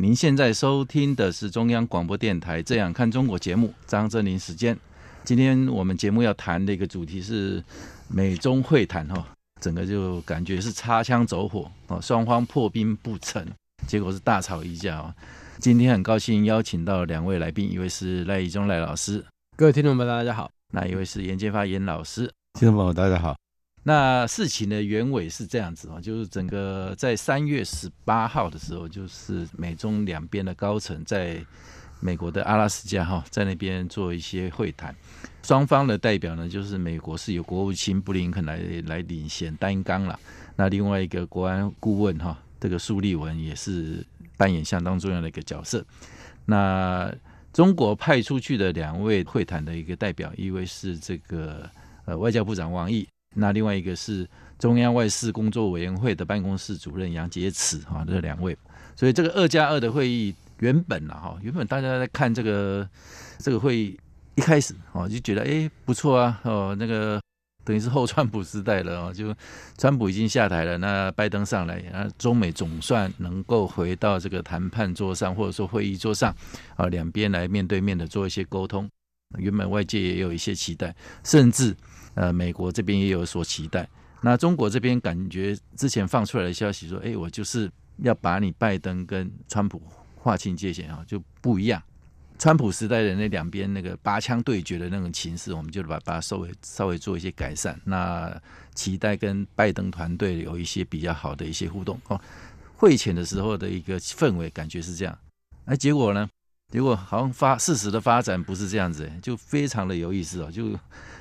您現在收聽的是中央廣播電臺《這樣看中國》節目，張正霖時間。今天我們節目要談的一個主題是美中會談哈、哦，整個就感覺是擦槍走火哦，雙方破冰不成，結果是大吵一架啊、哦。今天很高興邀請到兩位來賓，一位是賴怡忠賴老師，各位聽眾們大家好；那一位是顏建發顏老師，聽眾朋友大家好。那事情的原委是這樣子哦，就是整個在三月十八號的時候，就是美中兩邊的高層在美國的阿拉斯加哈，在那邊做一些會談。雙方的代表呢，就是美國是由國務卿布林肯來來領銜擔綱了，那另外一個國安顧問哈，這個蘇立文也是扮演相當重要的一個角色。那中國派出去的兩位會談的一個代表，一位是這個呃外交部長王毅。那另外一個是中央外事工作委員會的辦公室主任楊潔篪啊，這兩位。所以這個二加二的會議原本，啊，哈，原本大家在看這個這個會議一開始啊，就覺得哎不錯啊，哦那個等於是後川普時代了啊，就川普已經下台了，那拜登上來，那中美總算能夠回到這個談判桌上或者說會議桌上啊，兩邊來面對面的做一些溝通。原本外界也有一些期待，甚至呃，美國這邊也有所期待。那中國這邊感覺之前放出來的消息說，哎、欸，我就是要把你拜登跟川普劃清界限啊、哦，就不一樣。川普時代的那兩邊那個拔槍對決的那種情勢，我們就把把它稍微稍微做一些改善。那期待跟拜登團隊有一些比較好的一些互動哦。會前的時候的一個氛圍感覺是這樣，那、啊、結果呢？結果好像發事實的發展不是這樣子誒，就非常的有意思哦。就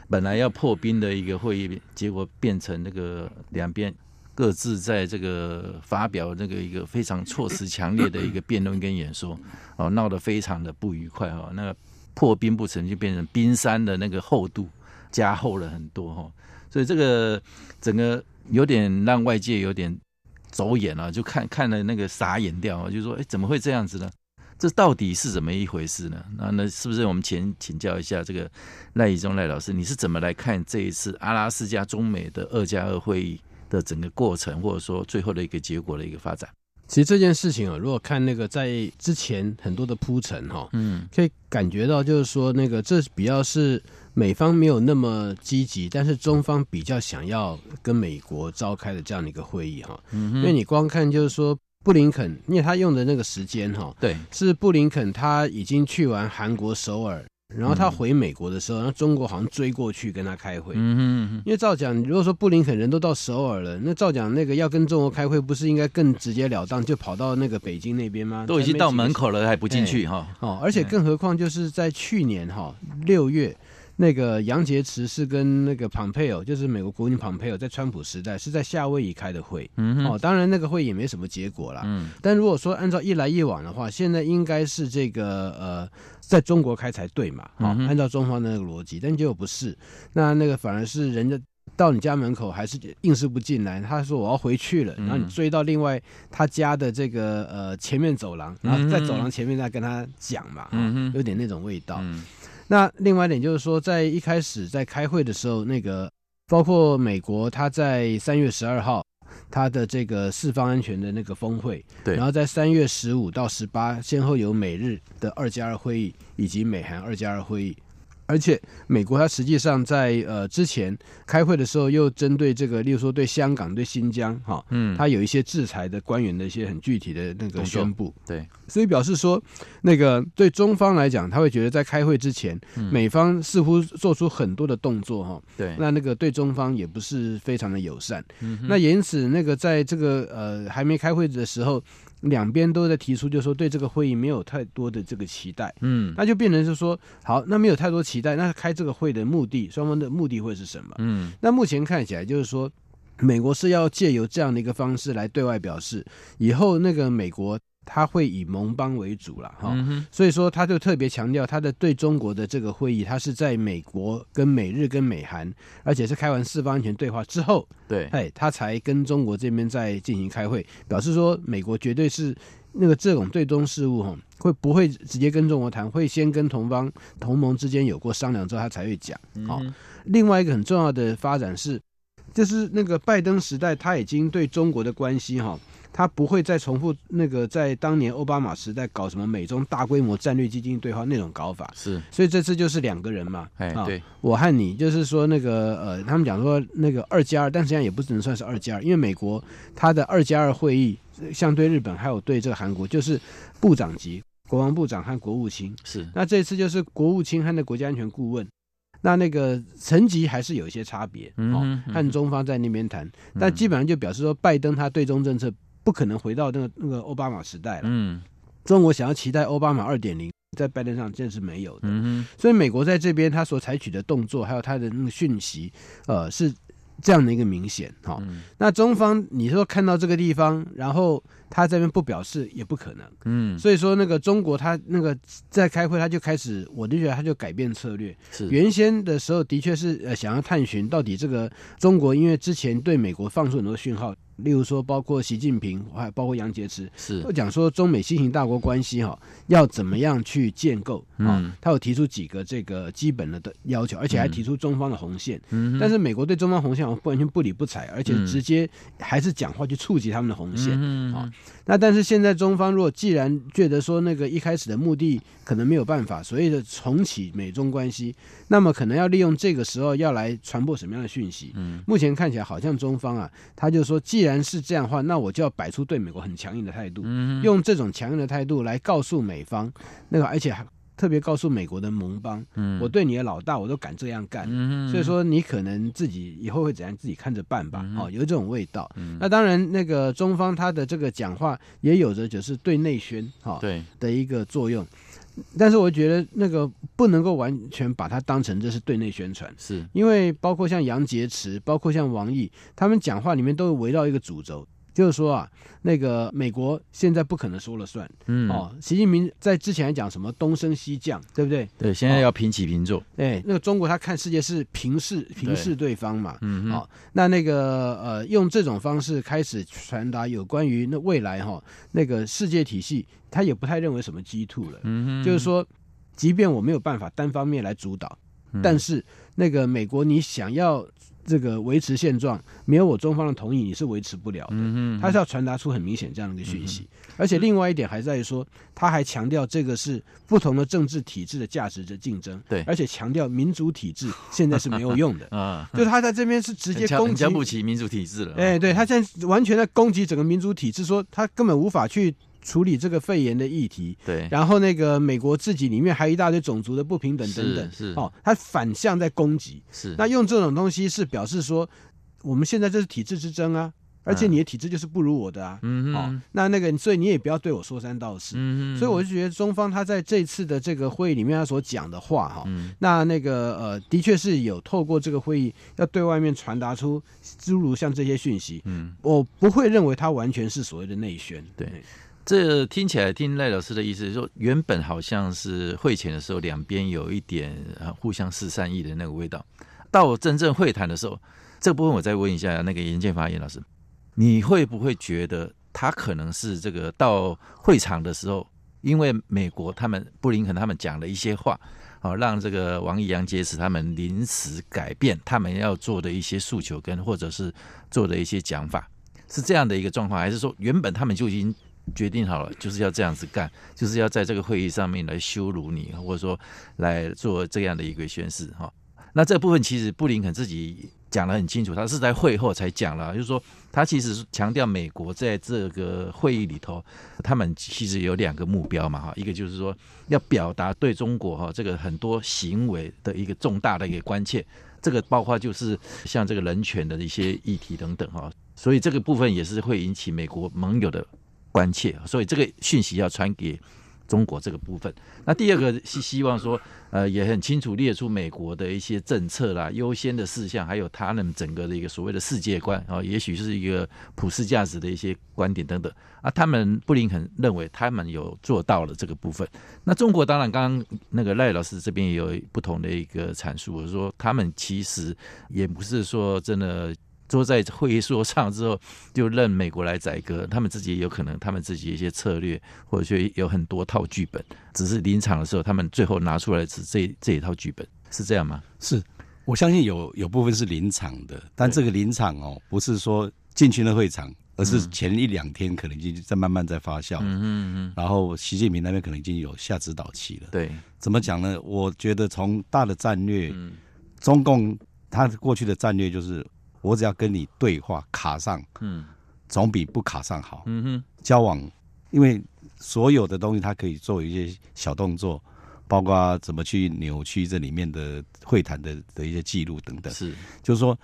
本來要破冰的一個會議，結果變成那個兩邊各自在這個發表那個一個非常措辭強烈的一個辯論跟演說，哦，鬧得非常的不愉快哦。那個、破冰不成就變成冰山的那個厚度加厚了很多哈、哦。所以這個整個有點讓外界有點走眼了、啊，就看看的那個傻眼掉、啊，就說哎，怎麼會這樣子呢？這到底是怎麼一回事呢？那那是不是我們請請教一下這個賴怡忠賴老師，你是怎麼來看這一次阿拉斯加中美的二加二會議的整個過程，或者說最後的一個結果的一個發展？其實這件事情啊，如果看那個在之前很多的鋪陳哈，嗯，可以感覺到就是說那個這比較是美方沒有那麼積極，但是中方比較想要跟美國召開的這樣的一個會議哈，嗯哼，因為你光看就是說，布林肯，因為他用的那個時間哈，對，是布林肯他已經去完韓國首爾，然後他回美國的時候，嗯、然後中國好像追過去跟他開會。嗯哼哼，因為照講，如果說布林肯人都到首爾了，那照講那個要跟中國開會，不是應該更直截了當就跑到那個北京那邊嗎？都已經到門口了還不進去哈？嗯、哦，嗯、而且更何況就是在去年哈六、哦、月。那個楊潔篪是跟那個蓬佩奧，就是美國國民蓬佩奧在川普時代是在夏威夷開的會，嗯、哼哦，當然那個會也沒什麼結果了。嗯、但如果說按照一來一往的話，現在應該是這個呃，在中國開才對嘛？哦，嗯、哼按照中方的那個邏輯，但結果不是，那那個反而是人家到你家門口還是硬是不進來，他說我要回去了，嗯、哼然後你追到另外他家的這個呃前面走廊，然後在走廊前面再跟他講嘛、嗯哼哦，有點那種味道。嗯那另外一點就是說，在一開始在開會的時候，那個包括美國，他在三月十二號，他的這個四方安全的那個峰會，對，然後在三月十五到十八，先後有美日的二加二會議以及美韓二加二會議。而且美國它實際上在呃之前開會的時候，又針對這個，例如說對香港、對新疆，哈、哦，嗯，它有一些制裁的官員的一些很具體的那個宣布，對、嗯，嗯嗯嗯嗯、所以表示說那個對中方來講，他會覺得在開會之前，美方似乎做出很多的動作，哈、哦，對、嗯，那那個對中方也不是非常的友善，嗯哼，那因此那個在這個呃還沒開會的時候。兩邊都在提出，就是說對這個會議沒有太多的這個期待，嗯，那就變成就是說，好，那沒有太多期待，那開這個會的目的，雙方的目的會是什麼？嗯，那目前看起來就是說，美國是要借由這樣的一個方式來對外表示，以後那個美國。他會以盟邦為主了，哈、哦，嗯、哼所以說他就特別強調他的對中國的這個會議，他是在美國跟美日跟美韓，而且是開完四方安全對話之後，對，哎，他才跟中國這邊在進行開會，表示說美國絕對是那個這種對中事務，哈，會不會直接跟中國談，會先跟同邦同盟之間有過商量之後，他才會講。好、嗯哼哦，另外一個很重要的發展是，就是那個拜登時代，他已經對中國的關係，哈。他不會再重複那個在當年奧巴馬時代搞什麼美中大規模戰略基金對話那種搞法，是，所以這次就是兩個人嘛，啊，對，我和你，就是說那個呃，他們講說那個二加二，但實際上也不只能算是二加二，因為美國他的二加二會議，相對日本還有對這個韓國就是部長級，國防部長和國務卿，是，那這次就是國務卿和那國家安全顧問，那那個層級還是有一些差別，哦，和中方在那邊談，但基本上就表示說拜登他對中政策。不可能回到那個那個奧巴馬時代了。嗯，中國想要期待奧巴馬二點零，在拜登上這是沒有的嗯哼。嗯，所以美國在這邊他所採取的動作，還有他的那個訊息，呃，是這樣的一個明顯哈、嗯。那中方你說看到這個地方，然後。他這邊不表示也不可能，嗯，所以說那個中國他那個在開會他就開始，我就覺得他就改變策略，是的，原先的時候的確是呃想要探尋到底這個中國，因為之前對美國放出很多訊號，例如說包括習近平，還有包括楊潔篪，是都講說中美新型大國關係哈要怎麼樣去建構？嗯，他有提出幾個這個基本的要求，而且還提出中方的紅線，嗯，但是美國對中方紅線完全不理不睬，而且直接還是講話去觸及他們的紅線，嗯。那但是現在中方如果既然覺得說那個一開始的目的可能沒有辦法，所以的重啟美中關係，那麼可能要利用這個時候要來傳播什麼樣的訊息？嗯，目前看起來好像中方啊，他就說，既然是這樣的話，那我就要擺出對美國很強硬的態度，嗯、哼用這種強硬的態度來告訴美方，那個而且還。特別告訴美國的盟邦，嗯、我對你的老大我都敢這樣幹，嗯、所以說你可能自己以後會怎樣，自己看着辦吧。好、嗯哦，有這種味道。嗯、那當然，那個中方他的這個講話也有着就是對內宣哈，哦、對的一個作用。但是我覺得那個不能夠完全把它當成這是對內宣傳，是因為包括像楊潔篪，包括像王毅，他們講話裡面都圍繞一個主軸。就是說啊，那個美國現在不可能說了算，嗯哦，習近平在之前講什麼東升西降，對不對？對，現在要平起平坐。哎、哦，那個中國他看世界是平視平視對方嘛，嗯哦，那那個呃，用這種方式開始傳達有關於那未來哈、哦，那個世界體系，他也不太認為什麼 G2 了，嗯哼嗯哼，就是說，即便我沒有辦法單方面來主導，嗯、但是那個美國你想要。這個維持現狀，沒有我中方的同意，你是維持不了的。嗯，他是要傳達出很明顯這樣的一個訊息，嗯嗯、而且另外一點還在於說，他還強調這個是不同的政治體制的價值的競爭。對，而且強調民主體制現在是沒有用的。 啊，啊啊就是他在這邊是直接攻擊不齊民主體制了。哎、欸，對，他現在完全在攻擊整個民主體制，說他根本無法去處理這個肺炎的議題，對，然後那個美國自己裡面還有一大堆種族的不平等等等，是，是哦，他反向在攻擊，是那用這種東西是表示說，我們現在這是體制之爭啊，而且你的體制就是不如我的啊，嗯嗯，哦，嗯哼，那那個所以你也不要對我說三道四，嗯哼，所以我就覺得中方他在這次的這個會議裡面，他所講的話哈，哦，嗯，那那個呃，的確是有透過這個會議要對外面傳達出諸如像這些訊息，嗯，我不會認為他完全是所謂的內宣，對。這聽起來，聽賴老師的意思是說，原本好像是會前的時候，兩邊有一點互相示善意的那個味道。到我真正會談的時候，這部分我再問一下那個顏建發顏老師，你會不會覺得他可能是這個到會場的時候，因為美國他們布林肯他們講了一些話，哦，讓這個王毅、楊潔篪他們臨時改變他們要做的一些訴求跟或者是做的一些講法，是這樣的一個狀況，還是說原本他們就已經？決定好了，就是要這樣子幹，就是要在這個會議上面來羞辱你，或者說來做這樣的一個宣示哈。那這部分其實布林肯自己講得很清楚，他是在會後才講了，就是說他其實強調美國在這個會議裡頭，他們其實有兩個目標嘛哈，一個就是說要表達對中國哈這個很多行為的一個重大的一個關切，這個包括就是像這個人權的一些議題等等哈，所以這個部分也是會引起美國盟友的。關切，所以這個訊息要傳給中國這個部分。那第二個是希望說，呃，也很清楚列出美國的一些政策啦、優先的事項，還有他們整個的一個所謂的世界觀啊、哦，也許是一個普世價值的一些觀點等等。啊，他們布林肯認為他們有做到了這個部分。那中國當然，剛剛那個賴老師這邊也有不同的一個闡述，我說他們其實也不是說真的。坐在會議桌上之後，就任美國來宰割。他們自己有可能，他們自己一些策略，或者說有很多套劇本，只是臨場的時候，他們最後拿出來只這一這一套劇本，是這樣嗎？是，我相信有有部分是臨場的，但這個臨場哦、喔，對不是說進去了會場，而是前一兩天可能已經在慢慢在發酵。嗯嗯嗯。然後習近平那邊可能已經有下指導棋了。對。怎麼講呢？我覺得從大的戰略，嗯、中共他過去的戰略就是。我只要跟你對話，卡上，嗯，總比不卡上好。嗯哼，交往，因為所有的東西，他可以做一些小動作，包括怎麼去扭曲這裡面的會談的的一些記錄等等。是，就是說，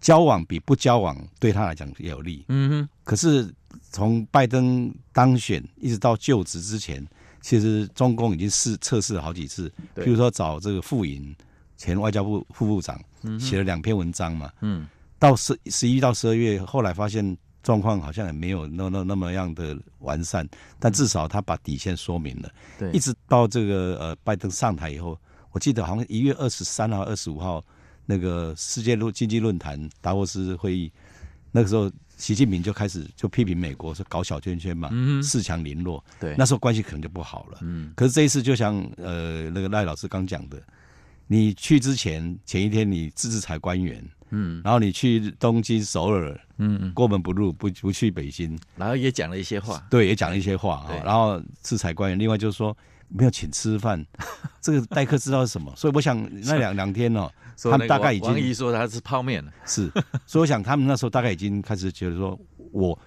交往比不交往對他來講也有利。嗯哼。可是從拜登當選一直到就職之前，其實中共已經試測試了好幾次，對譬如說找這個傅瑩，前外交部副部長，嗯哼，寫了兩篇文章嘛。嗯。到十十一到十二月，後來發現狀況好像也沒有那那那麼樣的完善，嗯、但至少他把底線說明了。對，一直到這個呃，拜登上台以後，我記得好像一月二十三號、二十五號那個世界論經濟論壇達沃斯會議，那個時候習近平就開始就批評美國是搞小圈圈嘛，恃強、嗯、哼凌弱。對，那時候關係可能就不好了。嗯，可是這一次就像呃那個賴老師剛講的。你去之前前一天，你制裁官員，嗯，然後你去東京、首爾，嗯，過門不入，不不去北京，然後也講了一些話，對，也講了一些話啊。然後制裁官員，另外就是說沒有請吃飯，這個待客之道是什麼？所以我想那兩兩天呢，他們大概已經王毅說他是泡麵了，是，所以我想他們那時候大概已經開始覺得說我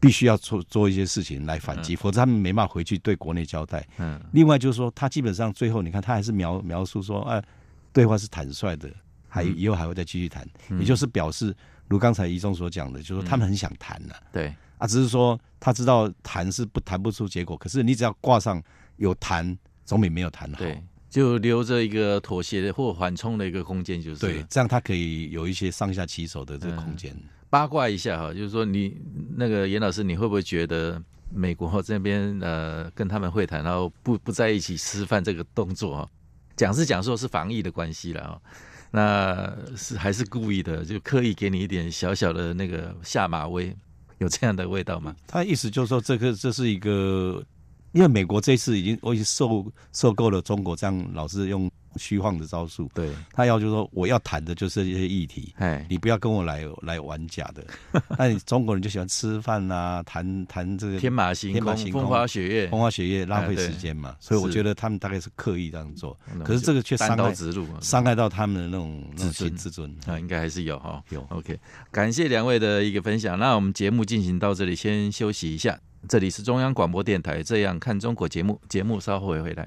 必須要做做一些事情來反擊，否則他們沒辦法回去對國內交代。嗯，另外就是說他基本上最後你看他還是描描述說，對話是坦率的，還以後還會再繼續談，嗯、也就是表示，如剛才怡忠所講的，就是說他們很想談了、啊嗯，對，啊，只是說他知道談是不談不出結果，可是你只要掛上有談，總比沒有談好，對，就留着一個妥協的或緩衝的一個空間，就是對，這樣他可以有一些上下其手的這個空間。嗯、八卦一下哈，就是說你那個嚴老師，你會不會覺得美國這邊呃跟他們會談，然後不不在一起吃飯這個動作啊？講是講，說是防疫的關係了啊、哦，那是還是故意的，就刻意給你一點小小的那個下馬威，有這樣的味道嗎？他意思就是說，這個這是一個，因為美國這次已經我已經受受夠了中國這樣老是用。虛晃的招數，對，他要就是說，我要談的就是這些議題，哎，你不要跟我來來玩假的。那你中國人，就喜歡吃飯啊，談談這個天馬行空、風花雪月、風花雪月，浪費時間嘛。所以我覺得他們大概是刻意這樣做，可是這個卻傷害傷害到他們的那種自尊、自尊啊，應該還是有哈。有 OK，感謝兩位的一個分享，那我們節目進行到這裡，先休息一下。這裡是中央廣播電台《這樣看中國》節目，節目稍後會回來。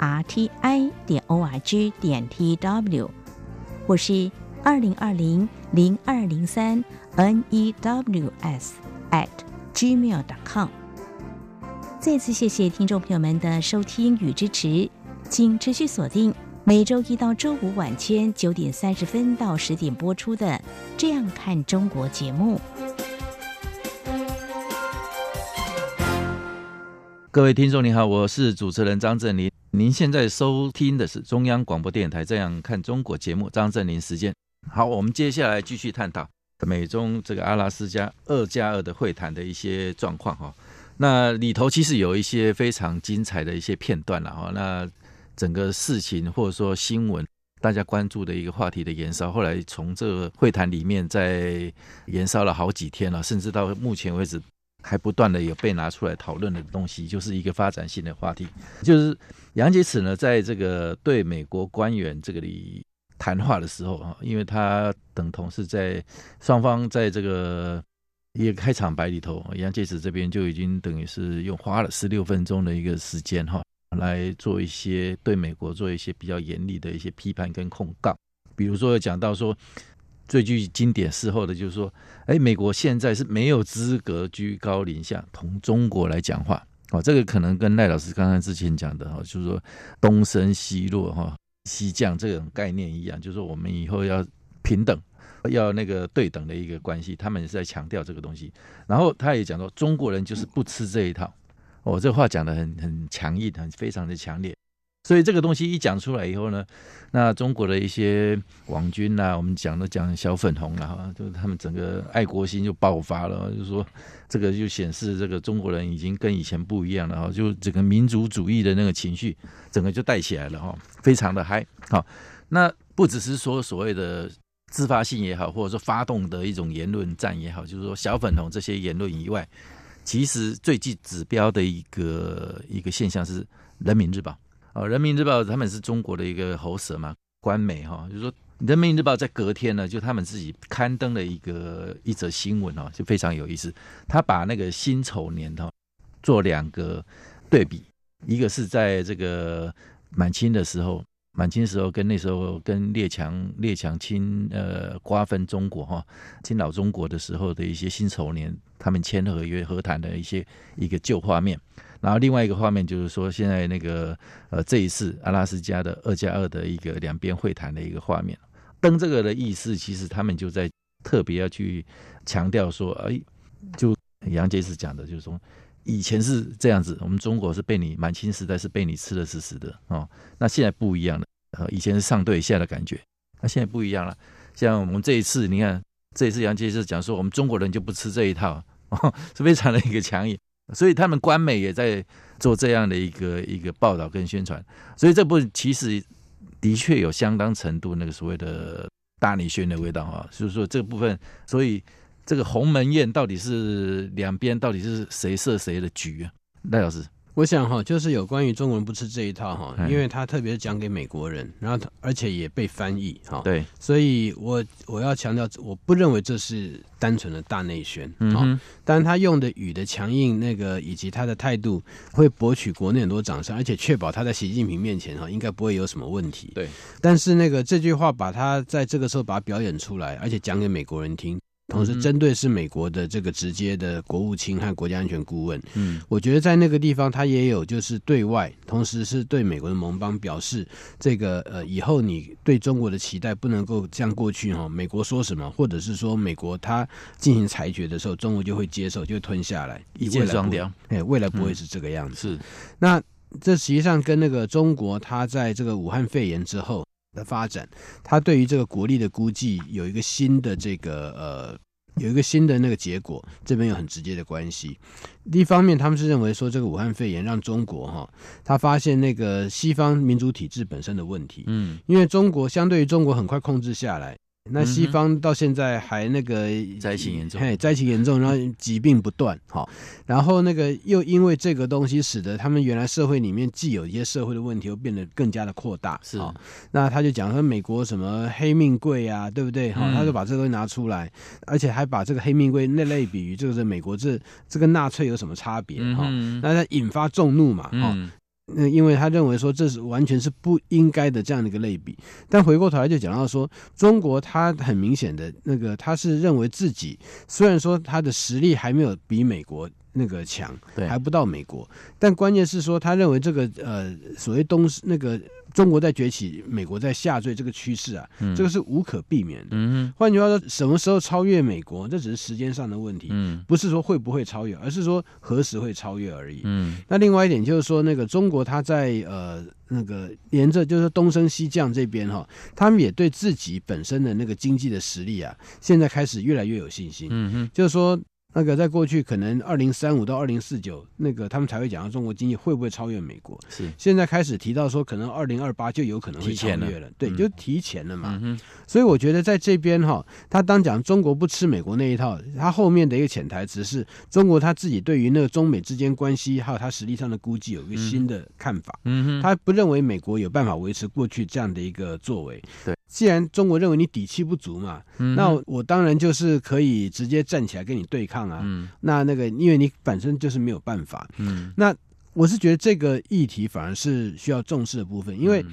r t i 點 o r g 點 t w，我是二零二零零二零三 n e w s at gmail dot com。再次謝謝聽眾朋友們的收聽與支持，請持續鎖定每周一到周五晚間九點三十分到十點播出的《這樣看中國》節目。各位聽眾，你好，我是主持人張正霖。您現在收聽的是中央廣播電臺《這樣看中國》節目，張正霖時間。好，我們接下來繼續探討美中這個阿拉斯加二加二的會談的一些狀況哈。那裡頭其實有一些非常精彩的一些片段了哈。那整個事情或者說新聞，大家關注的一個話題的延燒，後來從這個會談裡面再延燒了好幾天了，甚至到目前為止。還不斷的有被拿出來討論的東西，就是一個發展性的話題。就是楊潔篪呢，在這個對美國官員這個裡談話的時候，因為他等同是在雙方在這個一個開場白裡頭，楊潔篪這邊就已經等於是用花了十六分鐘的一個時間哈，來做一些對美國做一些比較嚴厲的一些批判跟控告，比如說有講到說，最具經典事後的就是說，哎，美國現在是沒有資格居高臨下同中國來講話。哦，這個可能跟賴老師剛剛之前講的哈、哦，就是說東升西落哈、哦、西降這種概念一樣，就是說我們以後要平等，要那個對等的一個關係。他們也是在強調這個東西。然後他也講到，中國人就是不吃這一套。我、哦、這話講得很很強硬，很非常的強烈。所以這個東西一講出來以後呢，那中國的一些網軍吶、啊，我們講都講小粉紅了、啊、哈，就是他們整個愛國心就爆發了，就是說這個就顯示這個中國人已經跟以前不一樣了哈，就整個民族主義的那個情緒整個就帶起來了哈，非常的嗨。好，那不只是說所謂的自發性也好，或者說發動的一種言論戰也好，就是說小粉紅這些言論以外，其實最具指標的一個一個現象是《人民日報》。啊，哦《人民日報》他們是中國的一個喉舌嘛，官媒哈、哦，就是、說《人民日報》在隔天呢，就他們自己刊登了一個一則新聞哈、哦，就非常有意思。他把那個辛丑年哈、哦、做兩個對比，一個是在這個滿清的時候，滿清的時候跟那時候跟列強列強侵呃瓜分中國哈，侵老中國的時候的一些辛丑年，他們簽和約、和談的一些一個舊畫面。然後另外一個畫面就是說，現在那個呃這一次阿拉斯加的二加二的一個兩邊會談的一個畫面，登這個的意思，其實他們就在特別要去強調說，哎，就楊潔篪講的，就是說以前是這樣子，我們中國是被你滿清時代是被你吃得死死的哦，那現在不一樣了，呃以前是上對下的感覺，那現在不一樣了，像我們這一次，你看這一次楊潔篪講說，我們中國人就不吃這一套，哦，是非常的一個強硬。所以他們官媒也在做這樣的一個一個報道跟宣傳，所以這部分其實的確有相當程度那個所謂的大內宣的味道啊，就是說這個部分，所以這個鴻門宴到底是兩邊到底是誰設誰的局啊？賴老師。我想哈，就是有關於中國人不吃這一套哈，因為他特別講給美國人，然後而且也被翻譯哈，對，所以我我要強調，我不認為這是單純的大內宣，嗯哼，但他用的語的強硬那個以及他的態度會博取國內很多掌聲，而且確保他在習近平面前哈應該不會有什麼問題，對，但是那個這句話把他在這個時候把它表演出來，而且講給美國人聽。同時，針對是美國的這個直接的國務卿和國家安全顧問，嗯，我覺得在那個地方他也有就是對外，同時是對美國的盟邦表示，這個呃以後你對中國的期待不能夠這樣過去哈、哦，美國說什麼，或者是說美國他進行裁決的時候，中國就會接受，就會吞下來，一箭雙雕。哎，嗯、未來不會是這個樣子。嗯、是，那這實際上跟那個中國他在這個武漢肺炎之後。的發展，他對於這個國力的估計有一個新的這個呃，有一個新的那個結果，這邊有很直接的關係。一方面，他們是認為說這個武漢肺炎讓中國哈、哦，他發現那個西方民主體制本身的問題，嗯，因為中國相對於中國很快控制下來。那西方到現在還那個災情嚴重，災情嚴重，然後疾病不斷，好， 然後那個又因為這個東西使得他們原來社會裡面既有一些社會的問題，又變得更加的擴大，好是、哦，那他就講說美國什麼黑命貴啊，對不對？哈、嗯，他就把這個東西拿出來，而且還把這個黑命貴那類比於就是美國這這跟納粹有什麼差別？哈、嗯哦，那他引發眾怒嘛？哈、哦。嗯那因為他認為說這是完全是不應該的這樣的一個類比，但回過頭來就講到說，中國他很明顯的那個，他是認為自己雖然說他的實力還沒有比美國。那個強，還不到美國，對但關鍵是說，他認為這個呃，所謂東那個中國在崛起，美國在下墜這個趨勢啊，嗯、這個是無可避免的。嗯、哼換句話說，什麼時候超越美國，這只是時間上的問題，嗯、不是說會不會超越，而是說何時會超越而已。嗯，那另外一點就是說，那個中國他在呃那個沿着就是東升西降這邊哈、哦，他們也對自己本身的那個經濟的實力啊，現在開始越來越有信心。嗯嗯哼，就是說。那個在過去可能二零三五到二零四九，那個他們才會講到中國經濟會不會超越美國。是，現在開始提到說可能二零二八就有可能會超越了，對，就提前了嘛。嗯，所以我覺得在這邊哈，他當講中國不吃美國那一套，他後面的一個潛台詞是中國他自己對於那個中美之間關係還有他實力上的估計有一個新的看法。嗯哼，他不認為美國有辦法維持過去這樣的一個作為。對。既然中國認為你底氣不足嘛，嗯、哼那我當然就是可以直接站起來跟你對抗啊。嗯、那那個因為你本身就是沒有辦法，嗯、那我是覺得這個議題反而是需要重視的部分，因為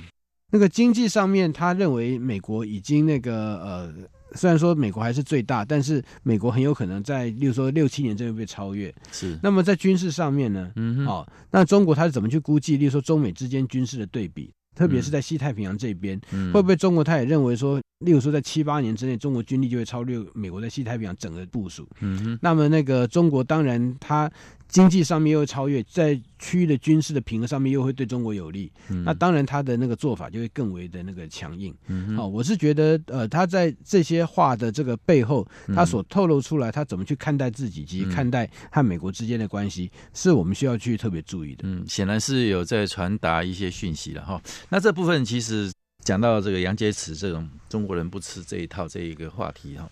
那個經濟上面，他認為美國已經那個呃，雖然說美國還是最大，但是美國很有可能在，例如說六七年之內被超越。是。那麼在軍事上面呢？嗯哼，好、哦，那中國他是怎麼去估計，例如說中美之間軍事的對比？特別是在西太平洋這邊，嗯嗯、會不會中國他也認為說，例如說在七八年之內，中國軍力就會超越美國在西太平洋整個部署？嗯、哼那麼那個中國當然他，經濟上面又超越，在區域的軍事的平衡上面又會對中國有利，嗯、那當然他的那個做法就會更為的那個強硬。好、嗯哼哦，我是覺得，呃，他在這些話的這個背後，嗯、他所透露出來，他怎麼去看待自己，及看待和美國之間的關係，是我們需要去特別注意的。嗯，顯然是有在傳達一些訊息了哈、哦。那這部分其實講到這個楊潔篪這種中國人不吃這一套這一個話題哈。哦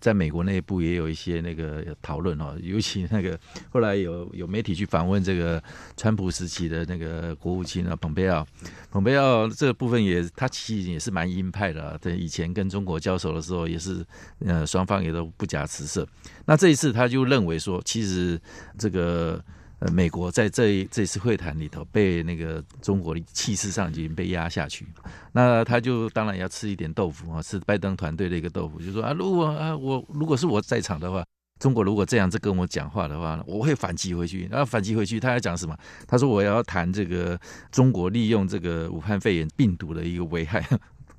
在美國內部也有一些那個討論哦，尤其那個後來有有媒體去訪問這個川普時期的那個國務卿啊，蓬佩奧，蓬佩奧這個部分也他其實也是蠻鷹派的啊，對，以前跟中國交手的時候也是，呃雙方也都不假辭色，那這一次他就認為說，其實這個。呃、美國在這一這一次會談裡頭，被那個中國的氣勢上已經被壓下去，那他就當然要吃一點豆腐啊，吃拜登团隊的一個豆腐，就說啊，如果啊我如果是我在場的話，中國如果這樣子跟我講話的話，我會反擊回去。然後反擊回去，他要講什麼？他說我要談這個中國利用這個武漢肺炎病毒的一個危害，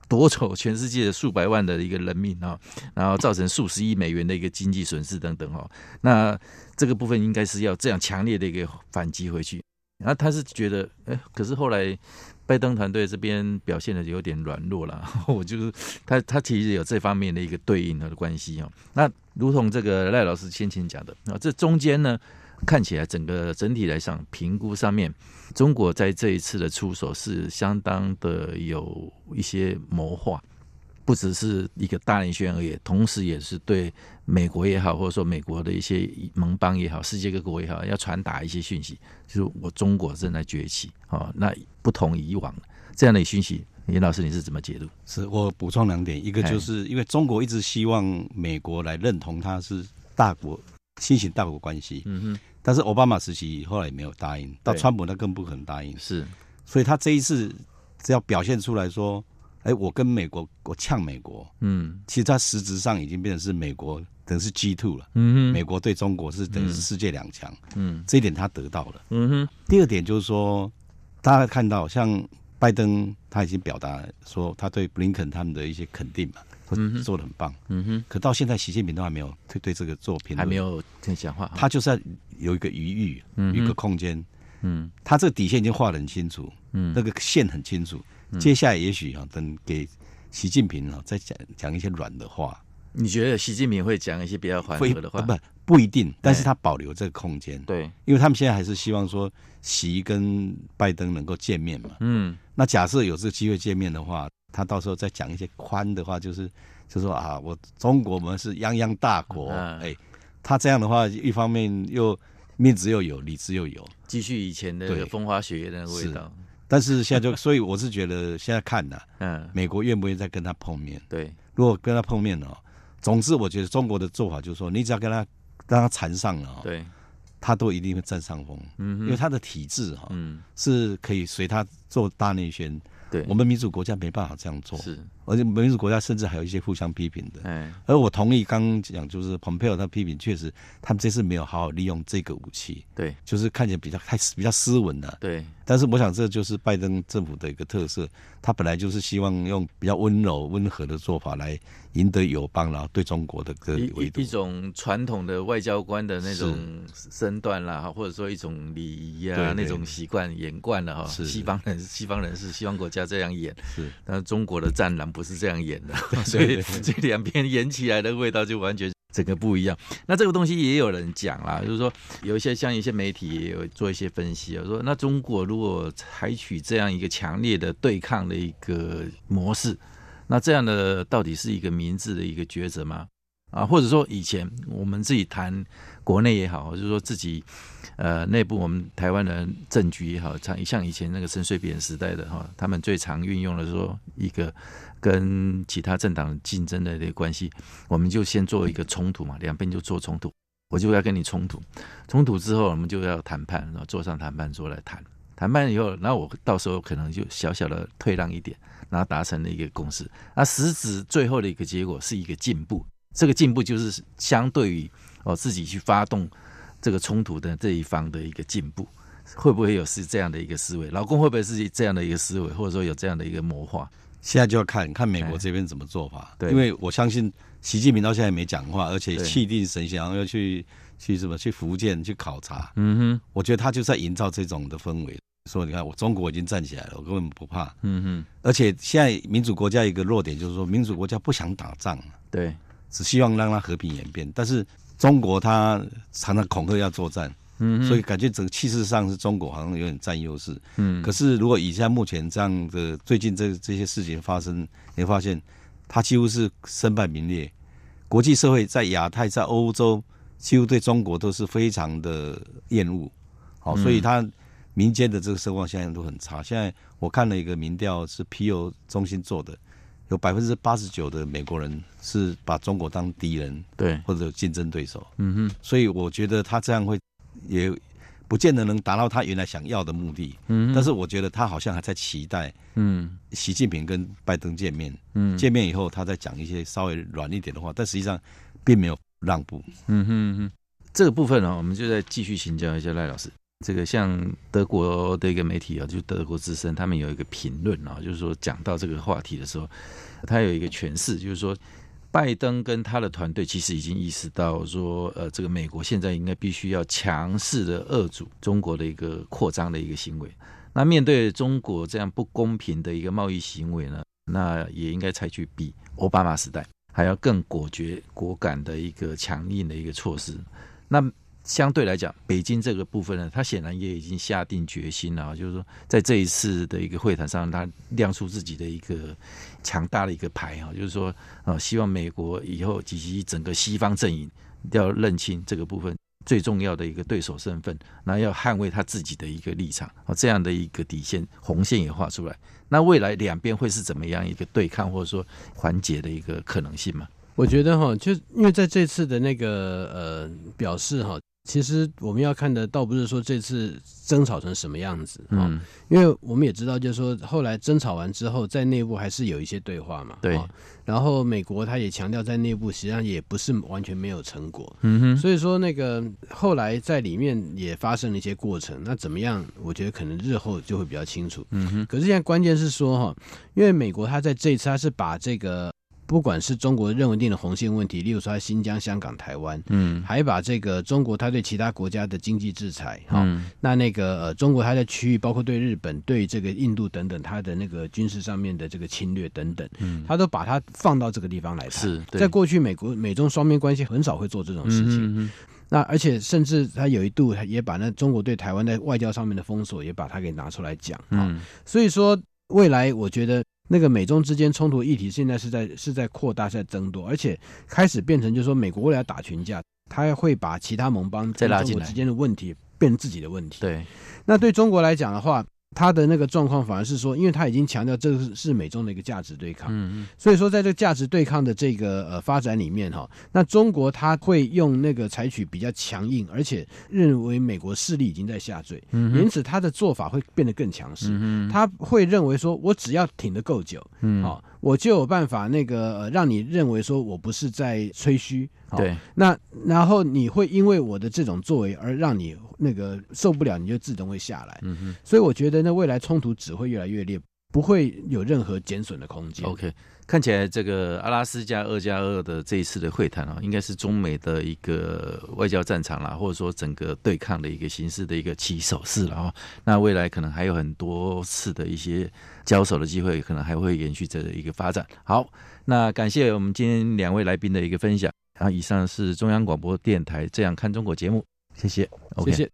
奪走全世界的數百萬的一個人命啊，然後造成數十億美元的一個經濟損失等等哦，那。這個部分應該是要這樣強烈的一個反擊回去，然後他是覺得，哎，可是後來拜登團隊這邊表現得有點軟弱了，我就是他他其實有這方面的一個對應的關係。那如同這個賴老師先前講的，那這中間呢，看起來整個整體來上評估上面，中國在這一次的出手是相當的有一些謀劃，不只是一個大內宣而已，同時也是對。美國也好，或者說美國的一些盟邦也好，世界各國也好，要傳達一些訊息，就是我中國正在崛起，那不同以往，這樣的訊息，顏老師你是怎麼解讀？是我補充兩點，一個就是嘿因為中國一直希望美國來認同它是大國新型大國關係，嗯哼。但是奧巴馬時期後來也沒有答應，到川普他更不可能答應，是。所以他這一次只要表現出來說，哎、欸，我跟美國我嗆美國，嗯，其實他實質上已經變成是美國。等於是 G two 了，嗯哼，美國對中國是等於是世界兩強，嗯，嗯，這一點他得到了，嗯哼。第二點就是說，大家看到像拜登他已經表達說他對布林肯他們的一些肯定嘛，他做得很棒嗯，嗯哼。可到現在習近平都還沒有對對這個做評論，還沒有講話，他就是要有一個餘裕，嗯哼，有一個空間，嗯，他這個底線已經畫得很清楚，嗯，那個線很清楚，嗯、接下來也許啊等給習近平啊再講講一些軟的話。你覺得習近平會講一些比較緩和的話？啊、不，不一定。但是他保留這個空間、欸。對，因為他們現在還是希望說習跟拜登能夠見面嘛。嗯。那假設有這個機會見面的話，他到時候再講一些寬的話，就是就說啊，我中國我們是泱泱大國，哎、嗯欸，他這樣的話，一方面又面子又有，理智又有，繼續以前的風花雪月的味道。但是現在就， 所以我是覺得現在看吶，嗯，美國願不願意再跟他碰面？嗯、對，如果跟他碰面哦。總之，我覺得中國的做法就是說，你只要跟他讓他纏上了啊、哦，對他都一定會占上風，嗯哼，因為他的體制哈、哦，嗯，是可以隨他做大內宣，對，我們民主國家沒辦法這樣做，是。而且民主國家甚至還有一些互相批評的，嗯，而我同意剛講，就是蓬佩奧他批評，確實他們這次沒有好好利用這個武器，對，就是看起來比較太比較斯文了，對。但是我想這就是拜登政府的一個特色，他本來就是希望用比較溫柔溫和的做法來贏得友邦然後對中國的個維度。一一種傳統的外交官的那種身段啦，是或者說一種禮儀啊，對對對那種習慣演慣了哈，是西方人西方人是西方國家這樣演，是，但是中國的戰狼。不是這樣演的，所以這兩邊演起來的味道就完全整個不一樣。那這個東西也有人講啦，就是說有一些像一些媒體也有做一些分析，說那中國如果採取這樣一個強烈的對抗的一個模式，那這樣的到底是一個明智的一個抉擇嗎？啊，或者說以前我們自己談國內也好，就是說自己呃內部我們台灣的政局也好，像以前那個陳水扁時代的哈，他們最常運用的說一個跟其他政黨競爭的這個關係，我們就先做一個衝突嘛，兩邊就做衝突，我就要跟你衝突，衝突之後我們就要談判，然後坐上談判桌來談，談判以後，那我到時候可能就小小的退讓一點，然後達成了一個共識，那實質最後的一個結果是一個進步。這個進步就是相對於哦自己去發動這個衝突的這一方的一個進步，會不會有是這樣的一個思維？老共會不會是這樣的一個思維，或者說有這樣的一個謀劃？現在就要看看美國這邊怎麼做法。哎、對，因為我相信習近平到現在也沒講話，而且氣定神閒，要對去去什麼去福建去考察。嗯哼，我覺得他就在營造這種的氛圍，說你看我中國已經站起來了，我根本不怕。嗯哼，而且現在民主國家一個弱點就是說，民主國家不想打仗。對。只希望讓它和平演變，但是中國它常常恐嚇要作戰，嗯哼，所以感覺整個氣勢上是中國好像有點占優勢，嗯。可是如果以現在目前這樣的最近這個、這些事情發生，你會發現它幾乎是身敗名裂，國際社會在亞太在歐洲幾乎對中國都是非常的厭惡，好、哦，嗯、所以它民間的這個聲望現在都很差。現在我看了一個民調是皮尤中心做的。有百分之八十九的美國人是把中國當敵人，對，或者競爭對手。對，嗯哼，所以我覺得他這樣會也不見得能達到他原來想要的目的。嗯哼，但是我覺得他好像還在期待，嗯，習近平跟拜登見面，嗯，見面以後他再講一些稍微軟一點的話，但實際上並沒有讓步。嗯哼哼，這個部分呢、哦，我們就再繼續請教一下賴老師。這個像德國的一個媒體啊，就德國之聲，他們有一個評論啊，就是說講到這個話題的時候，他有一個詮釋，就是說拜登跟他的團隊其實已經意識到說，呃，這個美國現在應該必須要強勢的遏阻中國的一個擴張的一個行為。那面對中國這樣不公平的一個貿易行為呢，那也應該採取比奧巴馬時代還要更果決、果敢的一個強硬的一個措施。那相對來講，北京這個部分呢，他顯然也已經下定決心了，就是說，在這一次的一個會談上，他亮出自己的一個強大的一個牌哈，就是說，呃，希望美國以後以及其整個西方陣營都要認清這個部分最重要的一個對手身份，然後要捍衛他自己的一個立場啊，這樣的一個底線紅線也畫出來。那未來兩邊會是怎麼樣一個對抗或者說緩解的一個可能性嗎？我覺得哈，就因為在這次的那個呃表示哈。其實我們要看的倒不是說這次爭吵成什麼樣子啊，嗯，因為我們也知道，就是說後來爭吵完之後，在內部還是有一些對話嘛。對。然後美國他也強調，在內部實際上也不是完全沒有成果。嗯哼。所以說那個後來在裡面也發生了一些過程，那怎麼樣？我覺得可能日後就會比較清楚。嗯哼。可是現在關鍵是說哈，因為美國他在這次他是把這個。不管是中國認為定的紅線問題，例如說在新疆、香港、台灣，嗯，還把這個中國他對其他國家的經濟制裁，哈、嗯哦，那那個、呃、中國它的區域，包括對日本、對這個印度等等，它的那個軍事上面的這個侵略等等，嗯，他都把它放到這個地方來談。是，在過去美國美中雙邊關係很少會做這種事情。嗯、哼哼，那而且甚至他有一度也把那中國對台灣在外交上面的封鎖也把它給拿出來講。嗯、哦，所以說未來我覺得。那個美中之間衝突議題，現在是在是在擴大，是在增多，而且開始變成，就是說，美國為了打群架，他會把其他盟邦在拉進來，中國之間的問題變成自己的問題。對，那對中國來講的話，他的那個狀況反而是說，因為他已經強調這是美中的一個價值對抗，嗯哼。所以說在這個價值對抗的這個呃發展裡面哈，那中國他會用那個採取比較強硬，而且認為美國勢力已經在下墜，嗯哼。因此他的做法會變得更強勢，嗯哼。他會認為說我只要挺得夠久，嗯，好，哦。我就有辦法那個，呃，讓你認為說我不是在吹噓，對，那然後你會因為我的這種作為而讓你那個受不了，你就自動會下來。嗯哼，所以我覺得那未來衝突只會越來越烈。不會有任何減損的空間。OK，看起來這個阿拉斯加二加二的這一次的會談啊、哦，應該是中美的一個外交戰場啦，或者說整個對抗的一個形式的一個起手式了啊。那未來可能還有很多次的一些交手的機會，可能還會延續着一個發展。好，那感謝我們今天兩位來賓的一個分享。然後以上是中央廣播電台《這樣看中國》節目，謝謝，okay. 謝謝。